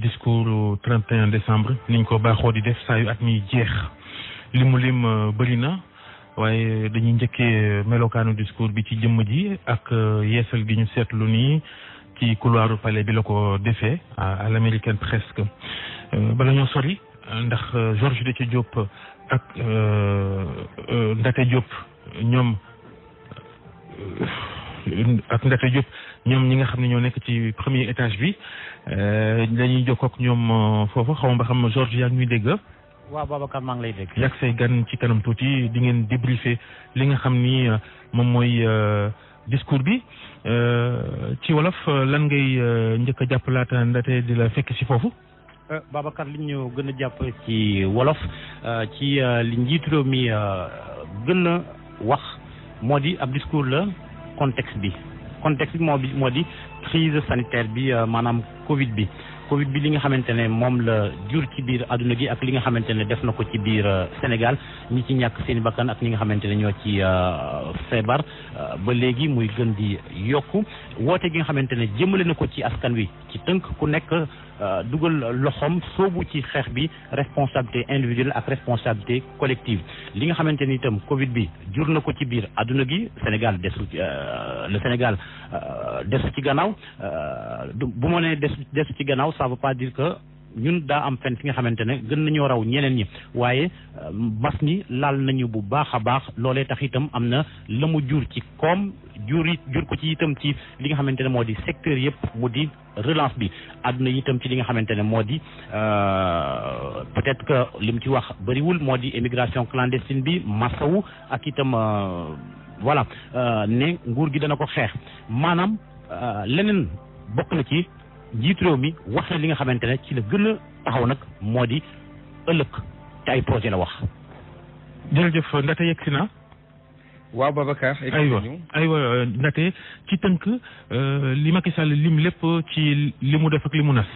discours 31 décembre niñ ko baaxoo di def saa ak at jeex li lim euh, bëri na waaye dañuy njëkkee euh, melokaanu discours bi ci jëmm ji ak euh, yeesal gi ñu seetlu nii ci couloiru pale bi la ko defee à l'américaine presque bala ñoo sori ndax Georges Déthié Diop ak Ndaté Diop ñoom ak Ndata Diop ñoom ñi nga xam ne ñoo nekk ci premier étage bi euh, dañuy jokkoo ak ñoom euh, foofu xaw ba xam Georges yaa ngi ñuy dégg. waaw Babacar maa ngi lay dégg. yàgg say gan ci kanam tuuti di ngeen débriefer li nga xam ni euh, moom mooy discours bi ci wolof lan ngay njëkk a jàpp laata Ndate di la fekk si foofu. Babacar li gën a jàpp ci wolof ci li njiitu réew mi gën a wax moo di ab discours la. contexte bi contexte bi moo bi moo di crise sanitaire bi euh, maanaam Covid bi Covid bi li nga xamante ne moom la jur ci biir àdduna gi ak li nga xamante ne def na ko ci biir euh, Sénégal ñi ci ñàkk seeni bakkan ak li nga xamante ne ñoo ci euh, feebar euh, ba léegi muy gën di yokku woote gi nga xamante ne jëmale na ko ci askan wi ci tënk ku nekk dugal loxoom soobu ci xeex bi responsabilité individuelle ak responsabilité collective li nga xamante ni itam Covid bi jur na ko ci biir àdduna gi Sénégal desu le Sénégal desu ci gannaaw bu ma nee desu desu ci gannaaw ça veut pas dire que ñun daa am fenn fi nga xamante ne gën nañoo raw ñeneen ñi waaye euh, mbas mi laal nañu bu baax a baax loolee tax itam am na la mu jur ci koom jur yi jur ko ci itam ci li nga xamante ne moo di secteur yëpp mu di relance bi àdduna itam ci li nga xamante ne moo di euh, peut-être que li mu ci wax bëriwul moo di émigration clandestine bi masawu ak itam euh, voilà ne nguur gi dana ko xeex maanaam leneen bokk na ci njiit réew mi wax na li nga xamante ne ci la gën a taxaw nag moo di ëllëg te ay projet la wax. jërëjëf Ndate yegg si na. waaw Babacar. aywa aywa Ndate ci tënk euh, li Macky Sall lim lépp ci li mu def ak li mu nas.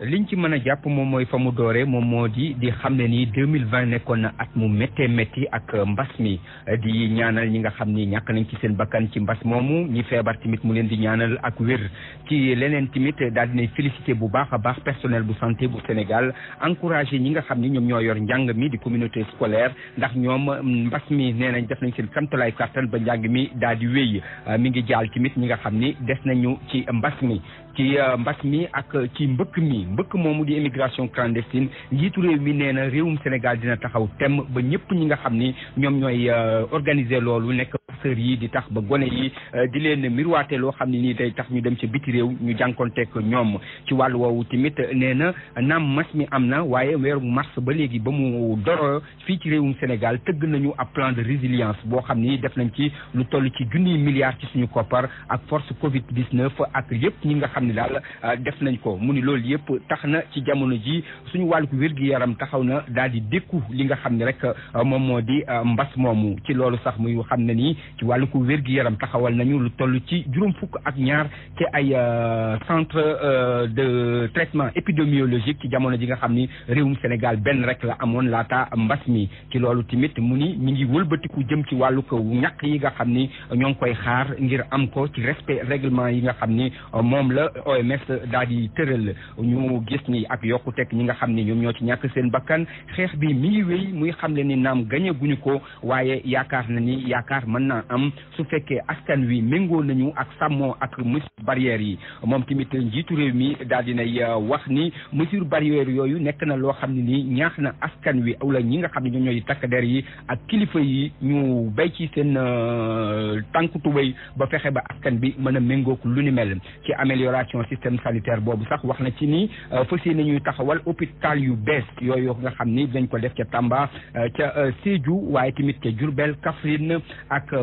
liñ ci mën a jàpp moom mooy fa mu dooree moom moo di di xam ne nii deux mille vingt nekkoon na at mu méttee métti ak mbas mi di ñaanal ñi nga xam ni ñàkk nañ ci seen bakkan ci mbas moomu ñi feebar tamit mu leen di ñaanal ak wér ci leneen tamit daal dinay félicité bu baax a baax personnel bu santé bu Sénégal encouragé ñi nga xam ni ñoom ñoo yor njàng mi di communauté scolaire ndax ñoom mbas mi nee nañ def nañ seen kamtalaay kàttan ba njàng mi daal di wéy mi ngi jaa tamit ñi nga xam ni des nañu ci mbas mi ci euh, mbas mi ak ci mbëkk mi mbëkk moomu di immigration clandestine njiitu réew mi nee na réewum Sénégal dina taxaw tem ba ñëpp ñi nga xam ni ñoom ñooy euh, organiser loolu nekk master yi di tax ba gone yi euh, di leen miroité loo xam ne nii day tax ñu dem ca biti réew ñu jànkonteeg ñoom ci wàllu woowu tamit nee na naam mas mi am na waaye weeru mars ba léegi ba mu doro fii ci réewum Sénégal tëgg nañu ab plan de résilience boo xam ni def nañ ci lu toll ci junniy milliards ci suñu koppar ak force Covid 19 ak yëpp ñi nga xam ne daal euh, def nañ ko mu ni loolu yëpp tax na ci jamono ji suñu wàllu wér-gi-yaram taxaw na daal di dékku li nga xam ne rek euh, moom moo di mbas moomu ci loolu sax muy xam na nii ci wàllu ko wér gi yaram taxawal nañu lu tollu ci juróom fukk ak ñaar te ay euh, centre euh, de traitement épidémiologique ci jamono ji nga xam ni réewum Sénégal benn rek la amoon laata mbas mi ci loolu tamit mu ni mi ngi wëlbatiku jëm ci wàllu ko ñàkk yi nga xam ni ñoo ngi koy xaar ngir am ko ci respect règlement yi nga xam ni euh, moom la OMS daal di tëral ñu gis ni ak yokkuteeg ñi nga xam ni ñoom ñoo ci ñàkk seen bakkan xeex bi mi ngi wéy muy xam le ni naam gañe ko waaye yaakaar na a am su fekkee askan wi méngoo nañu ak sàmmoo ak mesure barrière yi moom tamit njiitu réew mi daal dinay euh, wax ni mesure barrière yooyu nekk na loo xam ne nii ñaax na askan wi wala ñi nga xam ne ñoo ñooy takk der yi ak kilifa yi ñu bay ci seen euh, tànk tubéy ba fexe ba askan bi mën a méngoog lu ni mel ci amélioration système sanitaire boobu sax wax na ci ni euh, fas yéene nañuy taxawal hôpital yu bees yooyu nga xam ni dañ ko def ca Tamba ca Sédhiou waaye tamit ca Diourbel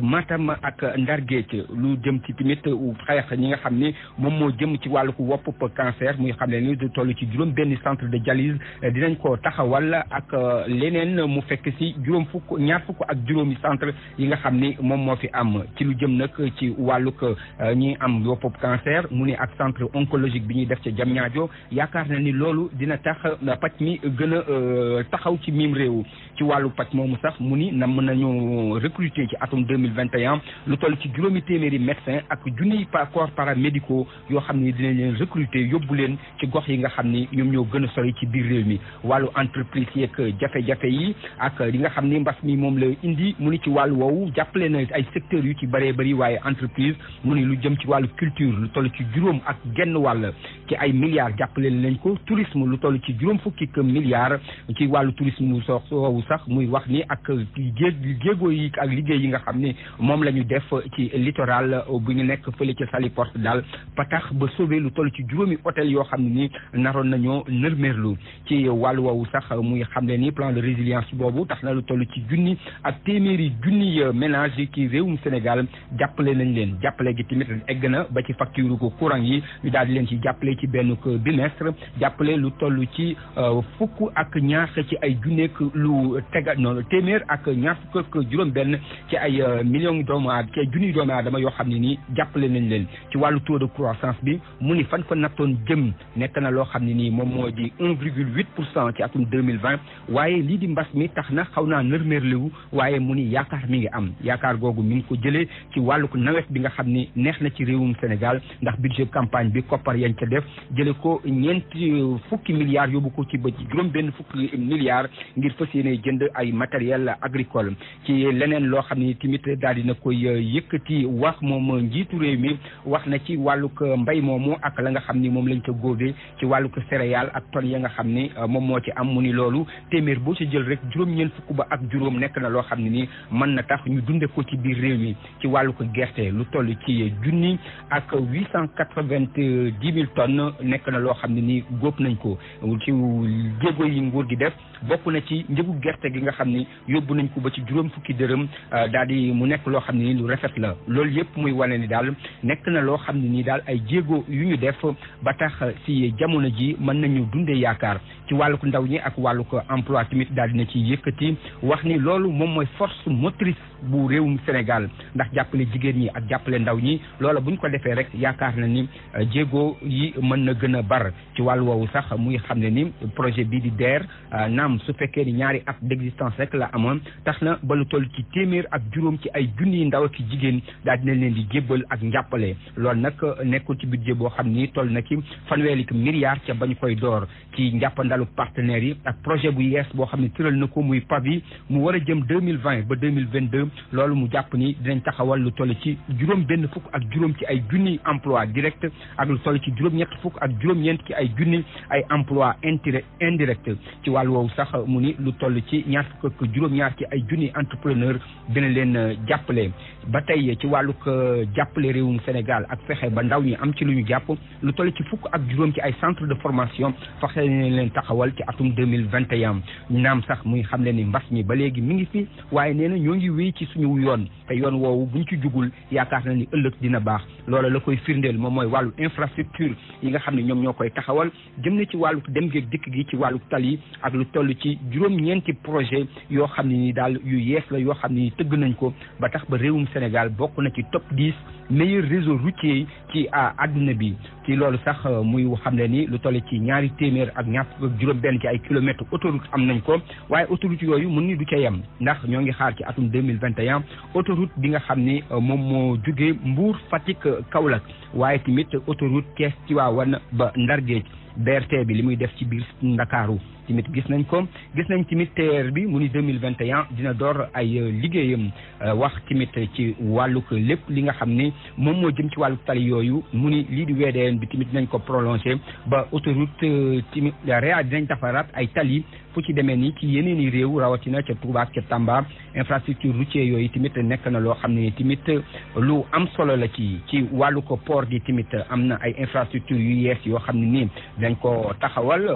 Matam ak Ndar Géej lu jëm ci tamit xeex ñi nga xam ne moom moo jëm ci wàllu wopp cancer muy xam ne ni du tollu ci juróom benn centre de dialyse dinañ ko walla ak leneen mu fekk ci juróom fukk ñaar fukk ak juróomi centre yi nga xam ni moom moo fi am ci lu jëm nag ci wàllug euh, ñi am wopp cancer mu ni ak centre oncologique bi ñuy def ca Diamniadio yaakaar na ni loolu dina tax paj mi gën a euh, taxaw ci miim réew ci wàllu paj moomu sax mu ni nam nañu recruter ci atum 2000 mille lu toll ci juróomi téeméeri médecin ak junniy corps paramédicaux yoo xam ni dinañ leen recruter yóbbu leen ci gox yi nga xam ni ñoom ñoo gën a sori ci biir réew mi wàllu entreprise yeeg jafe-jafe yi ak li nga xam ni mbas mi moom la indi mu ni ci wàllu woowu jàppale na ay secteurs yu ci bëree bëri waaye entreprise mu ni lu jëm ci wàllu culture lu toll ci juróom ak genn wàll ci ay milliards jàppale nañ ko tourisme lu toll ci juróom fukki milliards ci wàllu tourisme soowu sax muy wax ni ak géeg géegoo yi ak liggéey yi nga xam ni moom la ñu def ci littoral bu ñu nekk fële ci Saly Porte daal ba tax ba sauvé lu toll ci juróomi hôtel yoo xam ni naroon nañoo nërmeerlu ci wàllu woowu sax muy xam ne ni plan de résilience boobu tax na lu toll ci junni ak téeméeri junni ménage ci réewum Sénégal jàppale nañ leen jàppale gi tamit egg na ba ci facture ko courant yi ñu daal di leen ci jàppale ci benn bimestre jàppale lu toll ci euh, fukk ak ñaar ci ay junneeg lu tega noonu téeméer ak ñaar fukk juróom benn ci ay euh, million doomu aadama kee junniy doomu aadama yoo xam ne nii jàppale nañ leen ci wàllu taux de croissance bi mu ni fan ko nattoon jëm nekk na loo xam ne nii moom moo di 1,8 pour cent ci atum 2020 waaye lii di mbas mi tax na xaw naa nërmeerliwu waaye mu ni yaakaar mi ngi am yaakaar googu mu ngi ko jëlee ci wàllu nawet bi nga xam ni neex na ci réewum Sénégal ndax budget campagne bi koppar yañ ca def jële ko ñeenti euh, fukki milliards yóbbu ko ci ba juróom benn fukki milliards ngir fas yéene jënd ay matériel agricole ci daal di na koy euh, yëkkati wax moom njiitu réew mi wax na ci wàllug euh, mbay moomu ak la nga xam ni moom lañ ko góobee ci wàllug céréales ak tonnes ya nga xam ni euh, moom moo ci am mu ni loolu téeméer boo ci jël rek juróom-ñeent fukk ba ak juróom nekk na loo xam ne ni mën na tax ñu dunde ko ci biir réew mi ci wàllug gerte lu toll ci junni ak huit cent quatre-vingt-dix mille tonnes nekk na loo xam ne ni góob nañ ko ci jéego yi nguur gi def bokk na ci njëgu gerte gi nga xam ni yóbbu nañ ko ba ci juróom fukki dërëm daal di nekk loo xam ne nii lu rafet la loolu yëpp muy wane ni daal nekk na loo xam ne nii daal ay jéego yu ñu def ba tax ci jamono ji mën nañu dundee yaakaar ci wàllug ndaw ñi ak wàllug emploi tamit daal dina ci yëkkati wax ni loolu moom mooy force motrice bu réewum Sénégal ndax jàppale jigéen ñi ak jàppale ndaw ñi loola bu ñu ko defee rek yaakaar na ni euh, jéego yi mën na gën a bar ci wàllu woowu sax muy xam ne ni projet bii di DER euh, naam su fekkee ni ñaari at d'existence rek la amoon ay junniy ndaw ak jigéen daal dinañ leen di jébbal ak njàppale loolu nag euh, nekkul ci budget boo xam ni toll na ci fanweeri milliards ca bañ koy door ci njàppandalu partenaires yi ak projet bu yees boo xam ne tëral na ko muy PAVI mu war a jëm deux mille vingt ba deux mille vingt deux loolu mu jàpp ni dinañ taxawal lu toll ci juróom benn fukk ak juróom ci ay junni emploi direct ak lu toll ci juróom ñett fukk ak juróom-ñeent ci ay junni ay emploi indirect ci wàll woowu sax mu ni lu toll ci ñaar fukk ak ay junni entrepreneur dina euh, jàppale ba tey ci wàllug euh, jàppale réewum Sénégal ak fexe ba ndaw ñi am ci lu ñu jàpp lu toll ci fukk ak juróom ci ay centre de formation fexe nañ leen taxawal ci atum deux mille vingt et un naam sax muy xam ne ni mbas mi ba léegi mi ngi fi waaye nee na ñoo ngi wéy ci suñu yoon te yoon woowu buñ ci jugul yaakaar na ni ëllëg dina baax loola la koy firndeel moom mooy wàllu infrastructure yi nga xam ne ñoom ñoo koy taxawal jëm na ci wàllu dem geeg dikk gi ci wàllu tali ak lu toll ci juróom-ñeenti projet yoo xam ne ni daal yu yees la yoo xam ni tëgg nañ ko ba tax ba réewum Sénégal bokk na ci top 10 meilleur réseau routier ci àdduna bi ci loolu sax euh, muy xam ne ni lu toll ci ñaari téeméer ak ñaar juróom-benn ci ay kilomètres autoroute am nañ ko waaye autoroute yooyu mun ni du cee yem ndax ñoo ngi xaar ci atum 2021 autoroute bi nga xam ni euh, moom moo jugee Mbour Fatick euh, Kaolack waaye tamit autoroute Thiès Tivaouane ba Ndar Géej BRT bi li muy def ci biir Ndakaaru tamit gis nañ ko gis nañ tamit TER bi mu ni 2021 dina door ay euh, liggéeyam euh, wax tamit ci wàllug lépp li nga xam ni moom moo jëm ci wàllu tali yooyu mu ni lii di VDN bi tamit nañ ko prolongé ba autoroute euh, tamit réa dinañ defaraat ay tali fu ci demee ni ci yeneen i réew rawatina ca Touba ca Tamba infrastructure routier yooyu tamit nekk na loo xam ne tamit lu am solo la ci ci wàllu ko port di tamit am na ay infrastructure yu yees yoo xam ne nii dañ ko taxawal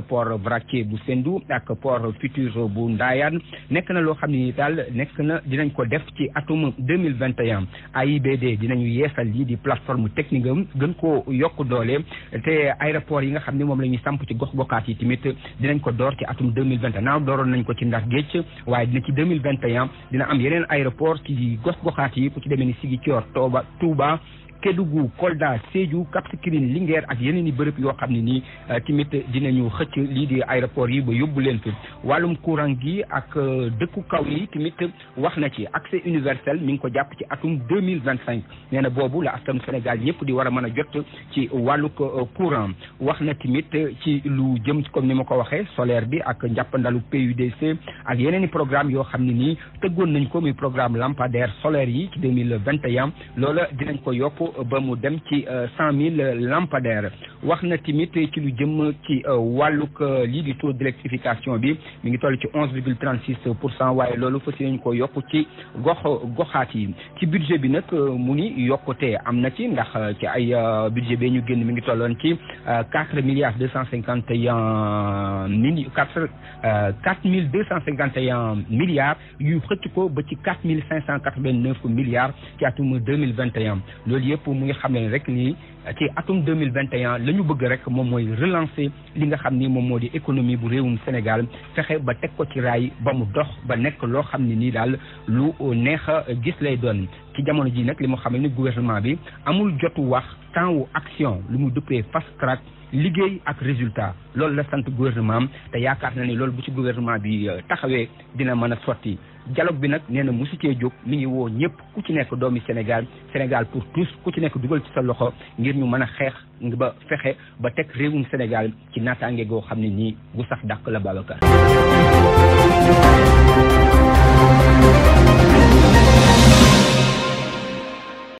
Ngalandu ak port futur bu Ndayane nekk na loo xam ni daal nekk na dinañ ko def ci atum deux mille vingt et yeesal lii di plateforme technique am gën ko yokk doole te aéroport yi nga xam ne moom la ñuy samp ci gox goxaat yi tamit dinañ ko door ci atum deux mille vingt et un dooroon nañ ko ci Ndar Géej waaye dina ci deux mille vingt et un dina am yeneen aéroport ci gox goxaat yi ku ci demee ni Ziguinchor Touba Touba Kédougou Kolda Sédhiou Cap Skirring Linguère ak yeneeni bërëb yoo xam ne nii dina euh, dinañu xëcc lii di aéroport yi ba yóbbu leen fi wàllum courant gi ak euh, dëkku kaw yi tamit wax na ci accès universel mi ngi ko jàpp ci atum deux mille vingt cinq nee na boobu la askanu Sénégal ñëpp di war mën a jot ci wàllu euh, courant wax na timit ci lu jëm comme ni ma ko waxee solaire bi ak njàppandalu PUDC ak yeneen i programme yoo xam ne nii tëggoon nañ ko muy programme lampadaire solaire yi ci ba mu dem ci euh, cent mille lampadaires wax na tamit ci lu jëm ci euh, wàllug euh, lii di taux d'électrification bi mi ngi toll ci onze virgule trente six pour cent waaye loolu fas yéene ko yokk ci gox goxaat yi ci budget bi nag mu ni yokkute am na ci ndax ci ay budget bee ñu génn mi ngi tolloon ci quatre milliards deux cent cinquante et un mille quatre quatre mille deux cent cinquante et un milliards yu xëcc ko ba ci quatre mille cinq cent quatre vingt neuf milliards ci atum deux mille vingt yëpp mu ngi xam ne rek nii ci atum 2021 la ñu bëgg rek moom mooy relancer li nga xam ni moom moo di économie bu réewum Sénégal fexe ba teg ko ci raay ba mu dox ba nekk loo xam ne nii daal lu neex a gis lay doon ci jamono ji nag li mu xam ne ni gouvernement bi amul jotu wax temps wu action lu mu duppee fast track liggéey ak résultat loolu la sant gouvernement am te yaakaar na ni loolu bu ci gouvernement bi euh, taxawee dina mën a sotti dialogue bi nag nee na musu jóg mi ngi woo ñëpp ku ci nekk doomi Sénégal Sénégal pour tous ku ci nekk dugal ci sa loxo ngir ñu mën a xeex ba fexe ba teg réewum Sénégal ci naataange goo xam ne nii gu sax dàq la Babacar